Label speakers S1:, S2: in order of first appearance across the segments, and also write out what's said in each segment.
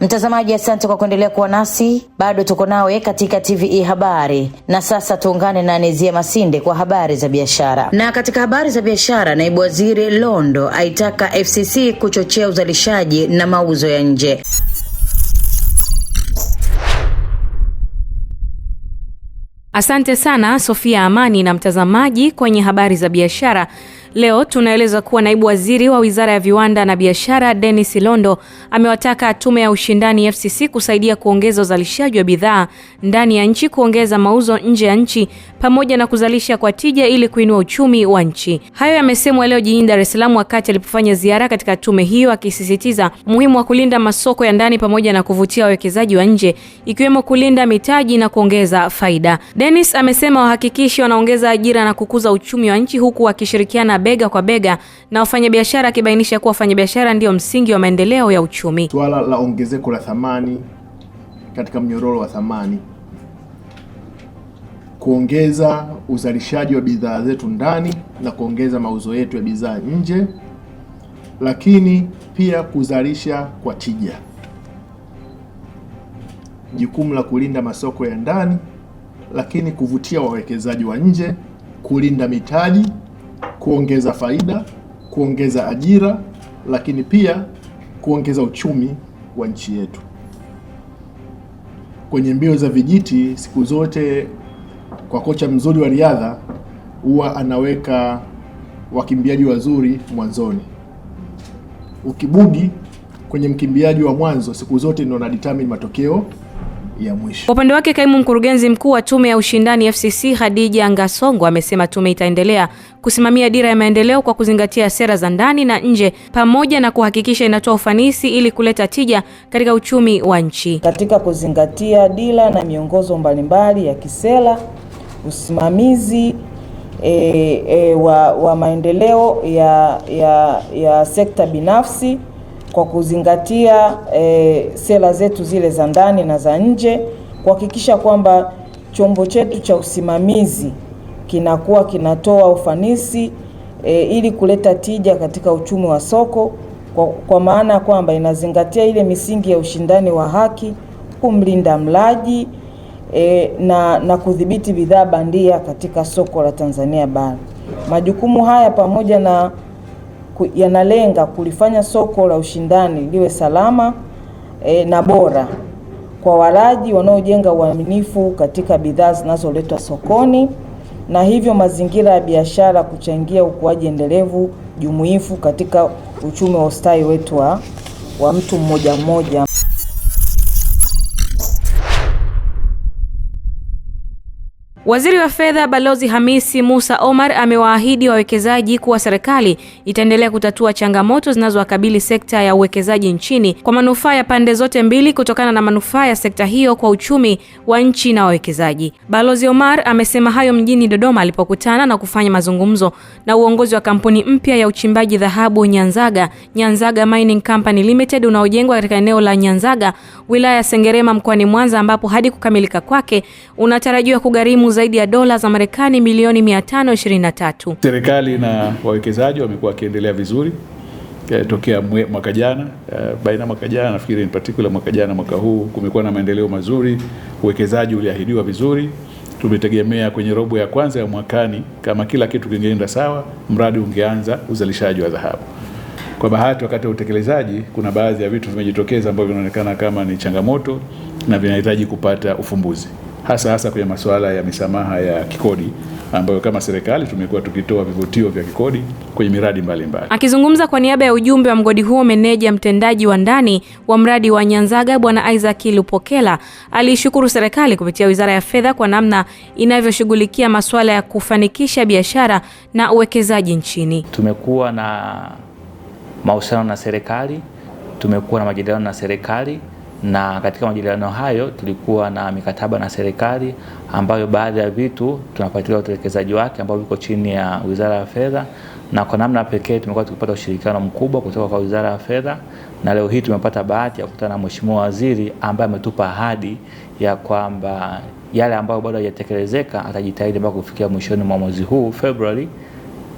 S1: Mtazamaji, asante kwa kuendelea kuwa nasi, bado tuko nawe katika TVE Habari. Na sasa tuungane na Nezia Masinde kwa habari za biashara. Na katika habari za biashara, naibu waziri Londo aitaka FCC kuchochea uzalishaji na mauzo ya nje.
S2: Asante sana Sofia Amani na mtazamaji kwenye habari za biashara. Leo tunaeleza kuwa naibu waziri wa wizara ya viwanda na biashara Dennis Londo amewataka tume ya ushindani FCC kusaidia kuongeza uzalishaji wa bidhaa ndani ya nchi, kuongeza mauzo nje ya nchi, pamoja na kuzalisha kwa tija ili kuinua uchumi wa nchi. Hayo yamesemwa leo jijini Dar es Salaam wakati alipofanya ziara katika tume hiyo, akisisitiza umuhimu wa kulinda masoko ya ndani pamoja na kuvutia wawekezaji wa nje, ikiwemo kulinda mitaji na kuongeza faida. Dennis amesema wahakikishi wanaongeza ajira na kukuza uchumi wa nchi huku wakishirikiana bega kwa bega na wafanyabiashara, akibainisha kuwa wafanyabiashara ndiyo msingi wa maendeleo ya uchumi.
S3: swala la ongezeko la thamani katika mnyororo wa thamani, kuongeza uzalishaji wa bidhaa zetu ndani na kuongeza mauzo yetu ya bidhaa nje, lakini pia kuzalisha kwa tija, jukumu la kulinda masoko ya ndani, lakini kuvutia wawekezaji wa nje, kulinda mitaji kuongeza faida, kuongeza ajira, lakini pia kuongeza uchumi wa nchi yetu. Kwenye mbio za vijiti siku zote, kwa kocha mzuri wa riadha huwa anaweka wakimbiaji wazuri mwanzoni. Ukibugi kwenye mkimbiaji wa mwanzo siku zote ndio na determine matokeo ya mwisho.
S2: Kwa upande wake, kaimu mkurugenzi mkuu wa Tume ya Ushindani FCC Khadija Ngasongo amesema tume itaendelea kusimamia dira ya maendeleo kwa kuzingatia sera za ndani na nje pamoja na kuhakikisha inatoa ufanisi ili kuleta tija katika uchumi wa nchi.
S4: Katika kuzingatia dira na miongozo mbalimbali ya kisera, usimamizi e, e, wa, wa maendeleo ya, ya, ya sekta binafsi kwa kuzingatia e, sera zetu zile za ndani na za nje, kuhakikisha kwamba chombo chetu cha usimamizi kinakuwa kinatoa ufanisi e, ili kuleta tija katika uchumi wa soko kwa, kwa maana ya kwamba inazingatia ile misingi ya ushindani wa haki, kumlinda mlaji e, na, na kudhibiti bidhaa bandia katika soko la Tanzania bara. Majukumu haya pamoja na yanalenga kulifanya soko la ushindani liwe salama e, na bora kwa walaji wanaojenga uaminifu katika bidhaa zinazoletwa sokoni na hivyo mazingira ya biashara kuchangia ukuaji endelevu jumuifu katika uchumi wa ustawi wetu wa mtu mmoja mmoja.
S2: Waziri wa Fedha Balozi Hamisi Musa Omar amewaahidi wawekezaji kuwa serikali itaendelea kutatua changamoto zinazowakabili sekta ya uwekezaji nchini kwa manufaa ya pande zote mbili kutokana na manufaa ya sekta hiyo kwa uchumi wa nchi na wawekezaji. Balozi Omar amesema hayo mjini Dodoma alipokutana na kufanya mazungumzo na uongozi wa kampuni mpya ya uchimbaji dhahabu Nyanzaga, Nyanzaga Mining Company Limited unaojengwa katika eneo la Nyanzaga, wilaya ya Sengerema mkoani Mwanza ambapo hadi kukamilika kwake unatarajiwa kugharimu zaidi ya dola za Marekani milioni 523.
S5: Serikali na wawekezaji wamekuwa wakiendelea vizuri eh, tokea mwaka jana, eh, baina mwaka jana nafikiri, in particular mwaka jana, mwaka huu kumekuwa na maendeleo mazuri. Uwekezaji uliahidiwa vizuri, tumetegemea kwenye robo ya kwanza ya mwakani, kama kila kitu kingeenda sawa, mradi ungeanza uzalishaji wa dhahabu. Kwa bahati, wakati wa utekelezaji, kuna baadhi ya vitu vimejitokeza ambavyo vinaonekana kama ni changamoto na vinahitaji kupata ufumbuzi hasa hasa kwenye masuala ya misamaha ya kikodi ambayo kama serikali tumekuwa tukitoa vivutio vya kikodi kwenye miradi mbalimbali.
S2: Akizungumza kwa niaba ya ujumbe wa mgodi huo, meneja mtendaji wa ndani wa mradi wa Nyanzaga Bwana Isaac Lupokela aliishukuru serikali kupitia Wizara ya Fedha kwa namna inavyoshughulikia masuala ya kufanikisha biashara na uwekezaji nchini.
S6: Tumekuwa na mahusiano na serikali, tumekuwa na majadiliano na serikali na katika majadiliano hayo tulikuwa na mikataba na serikali ambayo baadhi ya vitu tunafuatilia utekelezaji wake ambao viko chini ya Wizara ya Fedha, na kwa namna pekee tumekuwa tukipata ushirikiano mkubwa kutoka kwa Wizara ya Fedha, na leo hii tumepata bahati ya kukutana na Mheshimiwa Waziri ambaye ametupa ahadi ya kwamba yale ambayo bado hayajatekelezeka atajitahidi mpaka kufikia mwishoni mwa mwezi huu Februari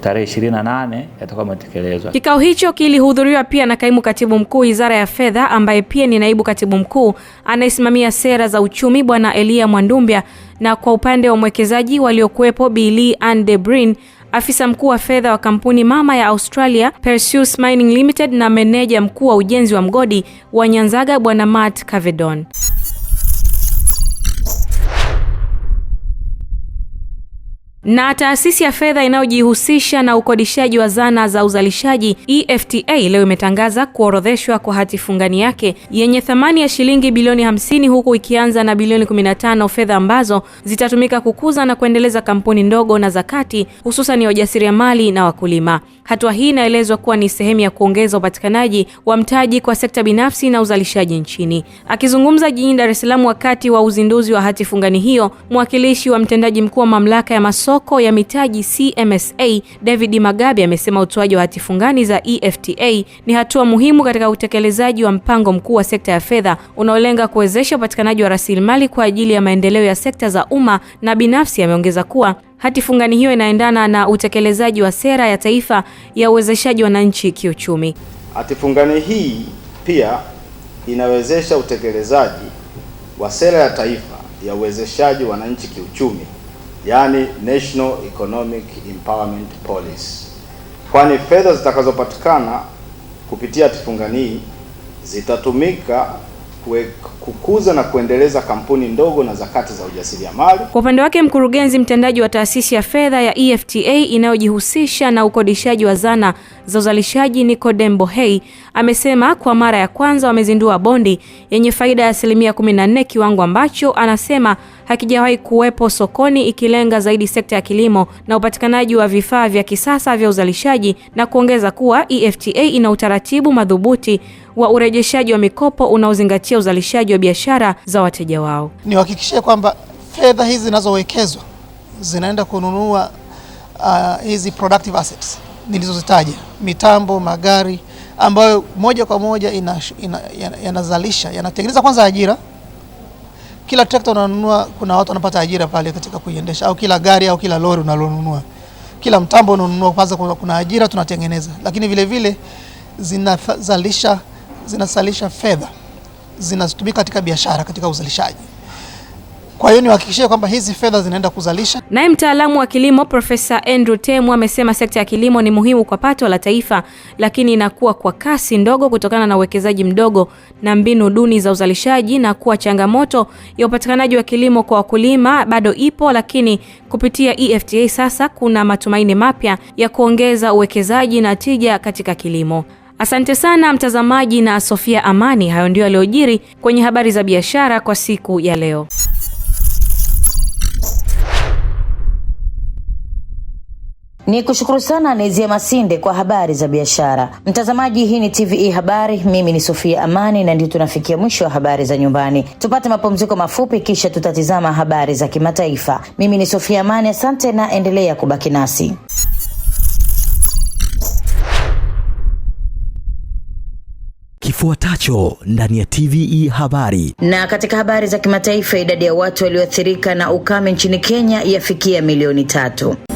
S6: tarehe nane yatakuwa yametekelezwa.
S2: Kikao hicho kilihudhuriwa pia na kaimu katibu mkuu Wizara ya Fedha ambaye pia ni naibu katibu mkuu anayesimamia sera za uchumi Bwana Elia Mwandumbia, na kwa upande wa mwekezaji waliokuwepo Bili ann de afisa mkuu wa fedha wa kampuni mama ya Australia Perseus Mining Limited na meneja mkuu wa ujenzi wa mgodi wa Nyanzaga Bwana Matt Cavedon. Na taasisi ya fedha inayojihusisha na ukodishaji wa zana za uzalishaji EFTA leo imetangaza kuorodheshwa kwa hati fungani yake yenye thamani ya shilingi bilioni 50 huku ikianza na bilioni 15 fedha ambazo zitatumika kukuza na kuendeleza kampuni ndogo na za kati hususan ya wajasiriamali na wakulima. Hatua hii inaelezwa kuwa ni sehemu ya kuongeza upatikanaji wa mtaji kwa sekta binafsi na uzalishaji nchini. Akizungumza jijini Dar es Salaam wakati wa uzinduzi wa hati fungani hiyo, mwakilishi wa mtendaji mkuu wa mamlaka ya masoko ya mitaji CMSA David Magabe amesema utoaji wa hati fungani za EFTA ni hatua muhimu katika utekelezaji wa mpango mkuu wa sekta ya fedha unaolenga kuwezesha upatikanaji wa rasilimali kwa ajili ya maendeleo ya sekta za umma na binafsi. Ameongeza kuwa Hati fungani hiyo inaendana na utekelezaji wa sera ya taifa ya uwezeshaji wananchi kiuchumi.
S7: Hati fungani hii pia inawezesha utekelezaji wa sera ya taifa ya uwezeshaji wananchi kiuchumi, yaani National Economic Empowerment Policy, kwani fedha zitakazopatikana kupitia hati fungani hii zitatumika kwe, kukuza na kuendeleza kampuni ndogo na zakati za ujasiriamali.
S2: Kwa upande wake, mkurugenzi mtendaji wa taasisi ya fedha ya EFTA inayojihusisha na ukodishaji wa zana za uzalishaji dembo Hey amesema kwa mara ya kwanza wamezindua bondi yenye faida ya asilimia 14, kiwango ambacho anasema hakijawahi kuwepo sokoni, ikilenga zaidi sekta ya kilimo na upatikanaji wa vifaa vya kisasa vya uzalishaji na kuongeza kuwa EFTA ina utaratibu madhubuti wa urejeshaji wa mikopo unaozingatia uzalishaji wa biashara za wateja wao.
S8: Niwahakikishie kwamba fedha hizi zinazowekezwa zinaenda kununua uh, hizi productive assets nilizozitaja, mitambo, magari ambayo moja kwa moja yanazalisha ina, yanatengeneza kwanza ajira. Kila trekta unanunua, kuna watu wanapata ajira pale katika kuiendesha, au kila gari au kila lori unalonunua, kila mtambo unanunua, kwanza kuna ajira tunatengeneza, lakini vile zinazalisha zinasalisha fedha zinazotumika katika biashara, katika uzalishaji. Kwa hiyo niwahakikishie kwamba hizi fedha zinaenda kuzalisha.
S2: Naye mtaalamu wa kilimo Profesa Andrew Temu amesema sekta ya kilimo ni muhimu kwa pato la taifa, lakini inakuwa kwa kasi ndogo kutokana na uwekezaji mdogo na mbinu duni za uzalishaji, na kuwa changamoto ya upatikanaji wa kilimo kwa wakulima bado ipo, lakini kupitia EFTA sasa kuna matumaini mapya ya kuongeza uwekezaji na tija katika kilimo. Asante sana mtazamaji na Sofia Amani. Hayo ndio yaliyojiri kwenye habari za biashara kwa siku ya leo.
S1: Ni kushukuru sana Nezia Masinde kwa habari za biashara. Mtazamaji, hii ni TVE Habari, mimi ni Sofia Amani, na ndio tunafikia mwisho wa habari za nyumbani. Tupate mapumziko mafupi, kisha tutatizama habari za kimataifa. Mimi ni Sofia Amani, asante na endelea kubaki nasi. kifuatacho ndani ya TVE Habari. Na katika habari za kimataifa, idadi ya watu walioathirika na ukame nchini Kenya yafikia milioni tatu.